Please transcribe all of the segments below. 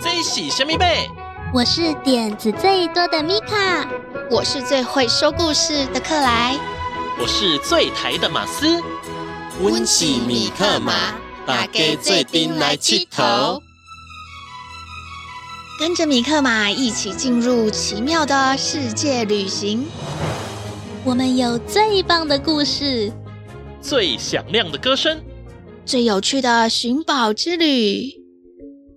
最喜神秘貝，我是點子最多的米卡，我是最會說故事的克萊，我是最台的馬斯，溫是米克馬把給最近來起頭，跟着米克馬一起進入奇妙的世界旅行，我們有最棒的故事，最響亮的歌聲，最有趣的尋寶之旅。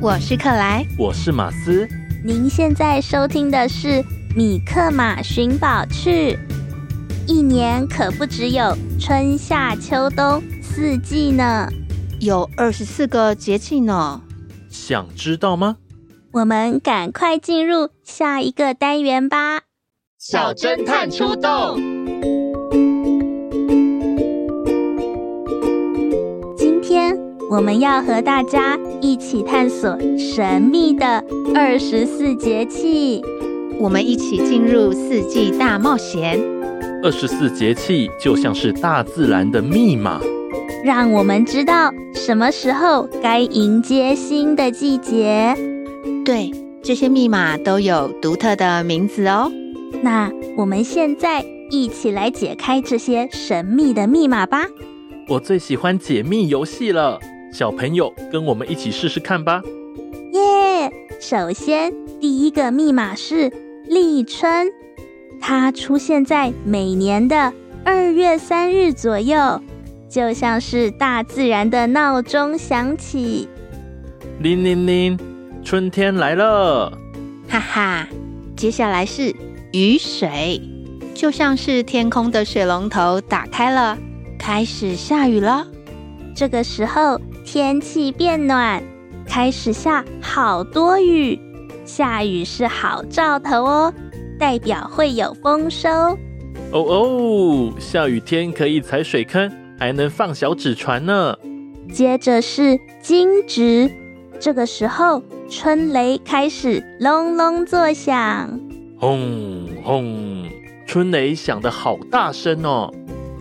我是克萊，我是馬斯。您現在收聽的是《米克馬尋寶趣》。一年可不只有春夏秋冬四季呢，有二十四個節氣呢。想知道嗎？我們趕快進入下一個單元吧。小偵探出動！我們要和大家一起探索神秘的二十四節氣，我們一起進入四季大冒險。二十四節氣就像是大自然的密碼，讓我們知道什麼時候該迎接新的季節。對，這些密碼都有獨特的名字哦。那我們現在一起來解開這些神秘的密碼吧。我最喜歡解密遊戲了。小朋友，跟我們一起試試看吧。耶、yeah！首先，第一個密碼是立春，它出現在每年的二月三日左右，就像是大自然的鬧鐘響起，鈴鈴鈴，春天來了。哈哈，接下來是雨水，就像是天空的水龍頭打開了，開始下雨了。這個時候。天氣變暖，開始下好多雨。下雨是好兆頭哦，代表會有豐收。哦哦，下雨天可以踩水坑，還能放小紙船呢。接着是驚蟄，這個時候春雷開始隆隆作響，轟轟，春雷響得好大聲哦！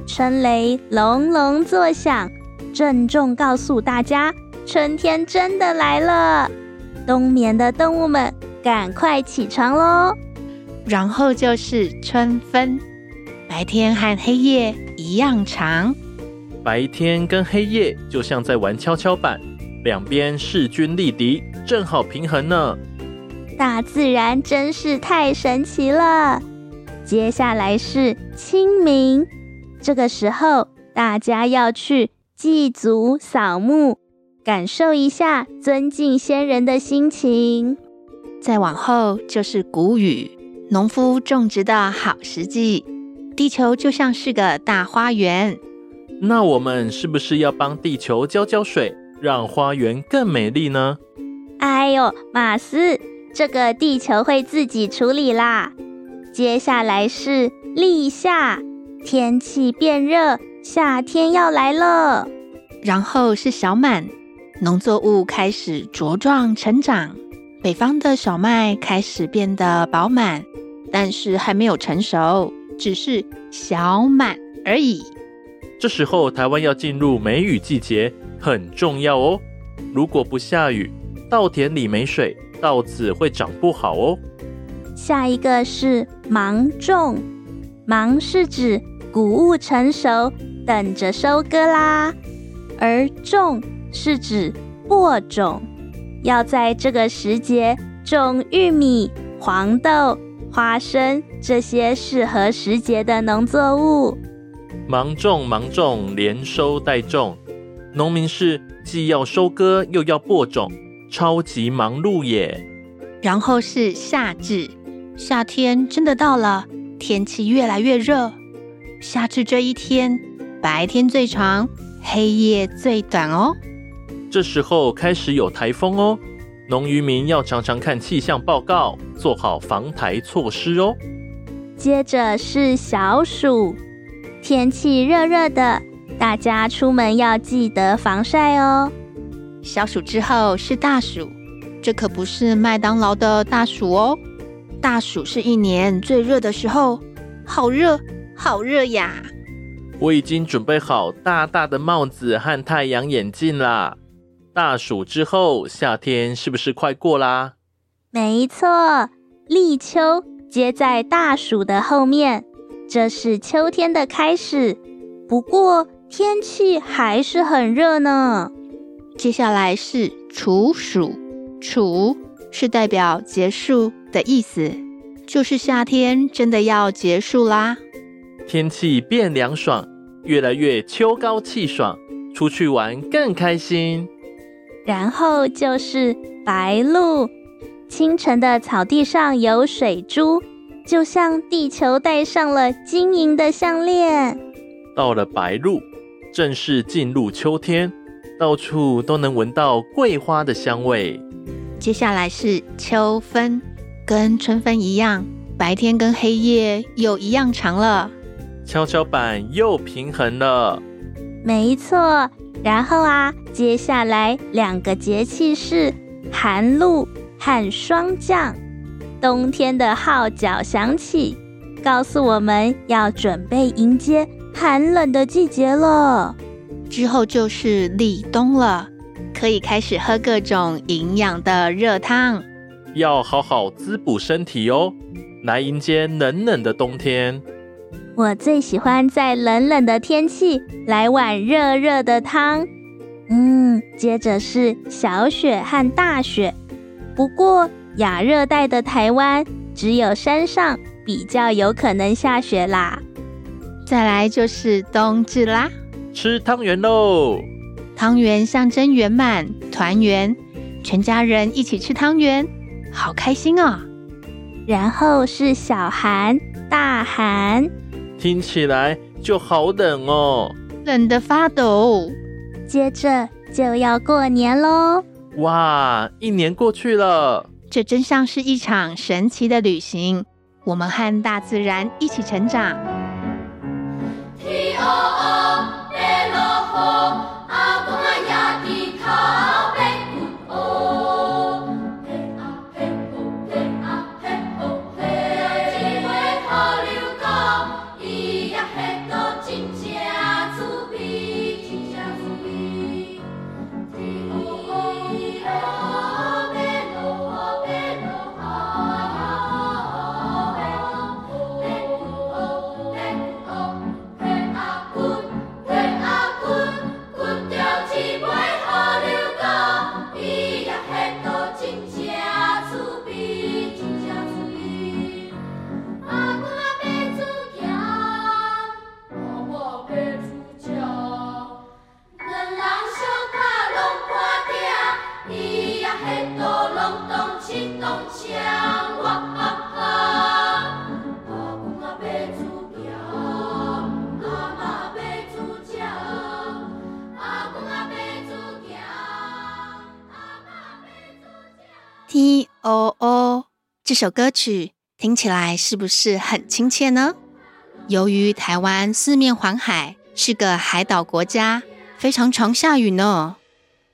春雷隆隆隆作響。鄭重告訴大家，春天真的來了！冬眠的動物們，趕快起床嘍！然後就是春分，白天和黑夜一樣長。白天跟黑夜就像在玩蹺蹺板，兩邊勢均力敵，正好平衡呢。大自然真是太神奇了！接下來是清明，這個時候大家要去祭祖掃墓，感受一下尊敬先人的心情。再往後就是穀雨，農夫種植的好時機。地球就像是個大花園，那我們是不是要幫地球澆澆水，讓花園更美麗呢？哎呦，馬斯，這個地球會自己處理啦。接下來是立夏，天氣變熱。夏天要來了，然後是小滿，農作物開始茁壯成長，北方的小麥開始變得飽滿，但是還沒有成熟，只是小滿而已。這時候台灣要進入梅雨季節，很重要哦。如果不下雨，稻田裡沒水，稻子會長不好哦。下一個是芒種，芒是指穀物成熟。等着收割啦，而種是指播種，要在這個時節種玉米、黃豆、花生這些適合時節的農作物。芒種芒種，連收帶種，農民是既要收割又要播種，超級忙碌耶。然後是夏至，夏天真的到了，天氣越來越熱。夏至這一天。白天最長，黑夜最短哦。這時候開始有台風哦，農漁民要常常看氣象報告，做好防台措施哦。接着是小暑，天氣熱熱的，大家出門要記得防曬哦。小暑之後是大暑，這可不是麥當勞的大暑哦，大暑是一年最熱的時候，好熱，好熱呀。我已經準備好大大的帽子和太陽眼鏡啦。大暑之後，夏天是不是快過啦？沒錯，立秋接在大暑的後面，這是秋天的開始。不過天氣還是很熱呢。接下來是處暑，處是代表結束的意思，就是夏天真的要結束啦。天氣變涼爽，越來越秋高氣爽，出去玩更開心。然後就是白露，清晨的草地上有水珠，就像地球戴上了晶瑩的項鏈到了白露，正式進入秋天，到處都能聞到桂花的香味。接下來是秋分，跟春分一樣，白天跟黑夜又一樣長了。蹺蹺板又平衡了，沒錯。然後啊，接下來兩個節氣是寒露和霜降，冬天的號角響起，告訴我們要準備迎接寒冷的季節了。之後就是立冬了，可以開始喝各種營養的熱湯，要好好滋補身體哦，來迎接冷冷的冬天。我最喜歡在冷冷的天氣來碗熱熱的湯。嗯，接着是小雪和大雪。不過亞熱帶的台灣只有山上比較有可能下雪啦。再來就是冬至啦，吃湯圓嘍。湯圓象徵圓滿團圓，全家人一起吃湯圓，好開心啊，哦。然後是小寒、大寒。聽起來就好冷哦，冷得發抖。接着就要過年嘍！哇，一年過去了，這真像是一場神奇的旅行。我們和大自然一起成長。這首歌曲聽起來是不是很親切呢？由於台灣四面環海，是個海島國家，非常常下雨呢。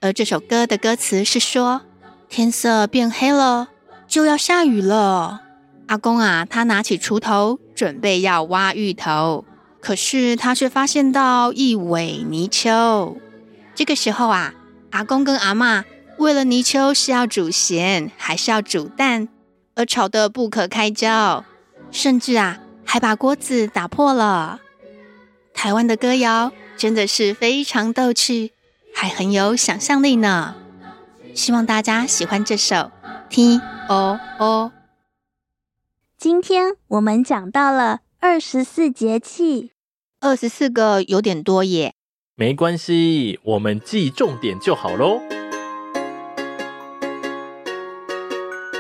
而這首歌的歌詞是說：天色變黑了，就要下雨了。阿公啊，他拿起鋤頭，準備要挖芋頭，可是他卻發現到一尾泥鰍。這個時候啊，阿公跟阿嬤為了泥鰍是要煮鹹還是要煮淡，而吵得不可開交，甚至啊，還把鍋子打破了。台灣的歌謠真的是非常逗趣，還很有想象力呢。希望大家喜歡這首《聽哦哦》哦。今天我們講到了二十四節氣，二十四個有點多耶，沒關係，我們記重點就好嘍。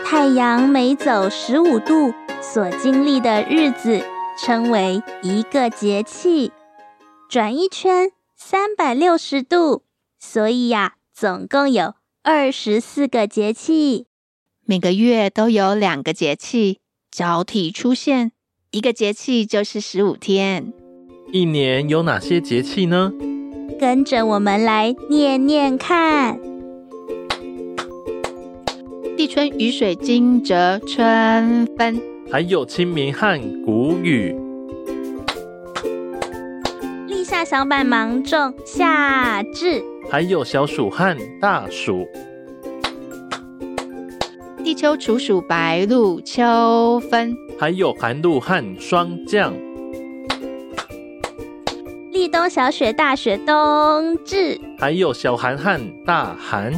太陽每走十五度，所經歷的日子稱為一個節氣。轉一圈三百六十度，所以呀、啊，總共有二十四個節氣。每個月都有兩個節氣交替出現，一個節氣就是十五天。一年有哪些節氣呢？跟着我們來念念看。立春、雨水、驚蟄、春分，還有清明和穀雨。立夏、小滿、芒種、夏至，還有小暑和大暑。立秋、處暑、白露、秋分，還有寒露和霜降。立冬、小雪、大雪、冬至，還有小寒和大寒。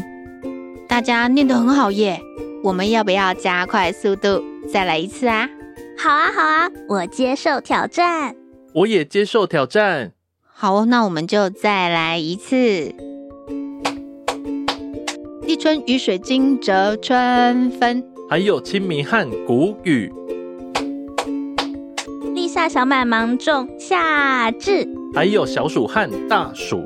大家念得很好耶，我們要不要加快速度再來一次啊？好啊，好啊，我接受挑戰，我也接受挑戰。好哦，那我們就再來一次。立春、雨水、驚蟄、春分，還有清明和穀雨。立夏、小滿、芒種、夏至，還有小暑和大暑。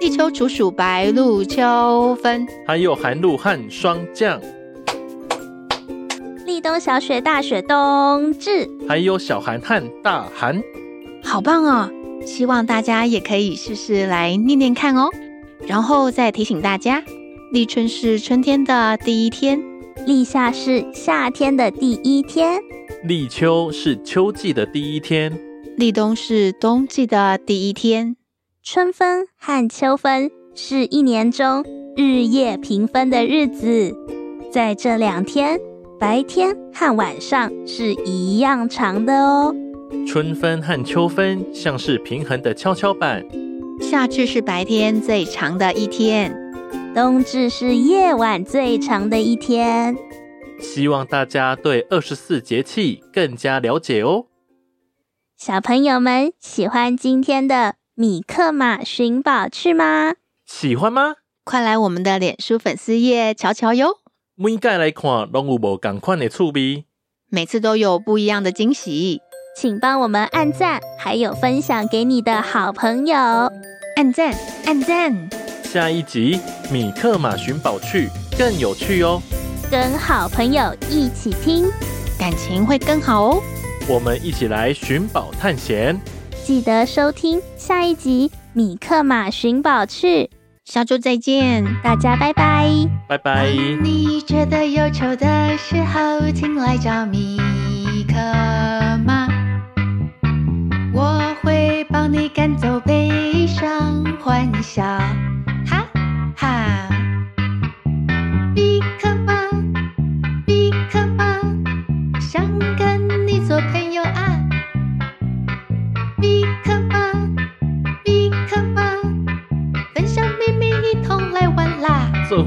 立秋、處暑、白露、秋分，還有寒露和霜降。立冬、小雪、大雪、冬至，還有小寒和大寒。好棒哦！希望大家也可以試試來念念看哦。然後再提醒大家，立春是春天的第一天，立夏是夏天的第一天，立秋是秋季的第一天，立冬是冬季的第一天。春分和秋分是一年中日夜平分的日子，在這兩天，白天和晚上是一樣長的哦。春分和秋分像是平衡的蹺蹺板。夏至是白天最長的一天，冬至是夜晚最長的一天。希望大家對二十四節氣更加了解哦。小朋友們喜歡今天的？米克馬尋寶趣嗎？喜歡嗎？快來我們的臉書粉絲頁瞧瞧喲！每屆來看攏有無剛款的趣味，每次都有不一樣的驚喜，請幫我們按讚，還有分享給你的好朋友，按讚按讚。下一集米克馬尋寶趣更有趣喲、哦、跟好朋友一起聽，感情會更好哦。我們一起來尋寶探險。記得收聽下一集米克馬尋寶趣，下周再見，大家拜拜拜拜。哎、你覺得憂愁的時候，請來找米克馬，我會幫你趕走悲傷歡笑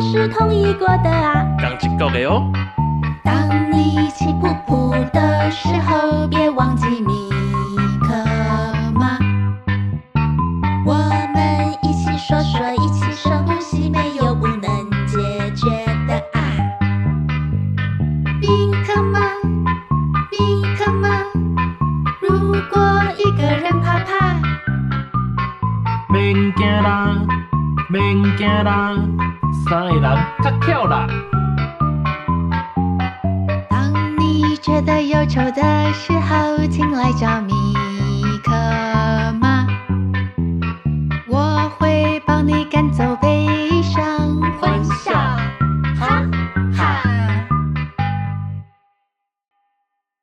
是同一國的啊。當你氣呼呼的時候，別忘記米克馬。我們一起說說，一起深呼吸，沒有不能解決的啊。米克馬，米克馬，如果一個人怕怕，別驚啦，別驚啦。三個人太巧了。當你覺得憂愁的時候，請來找我。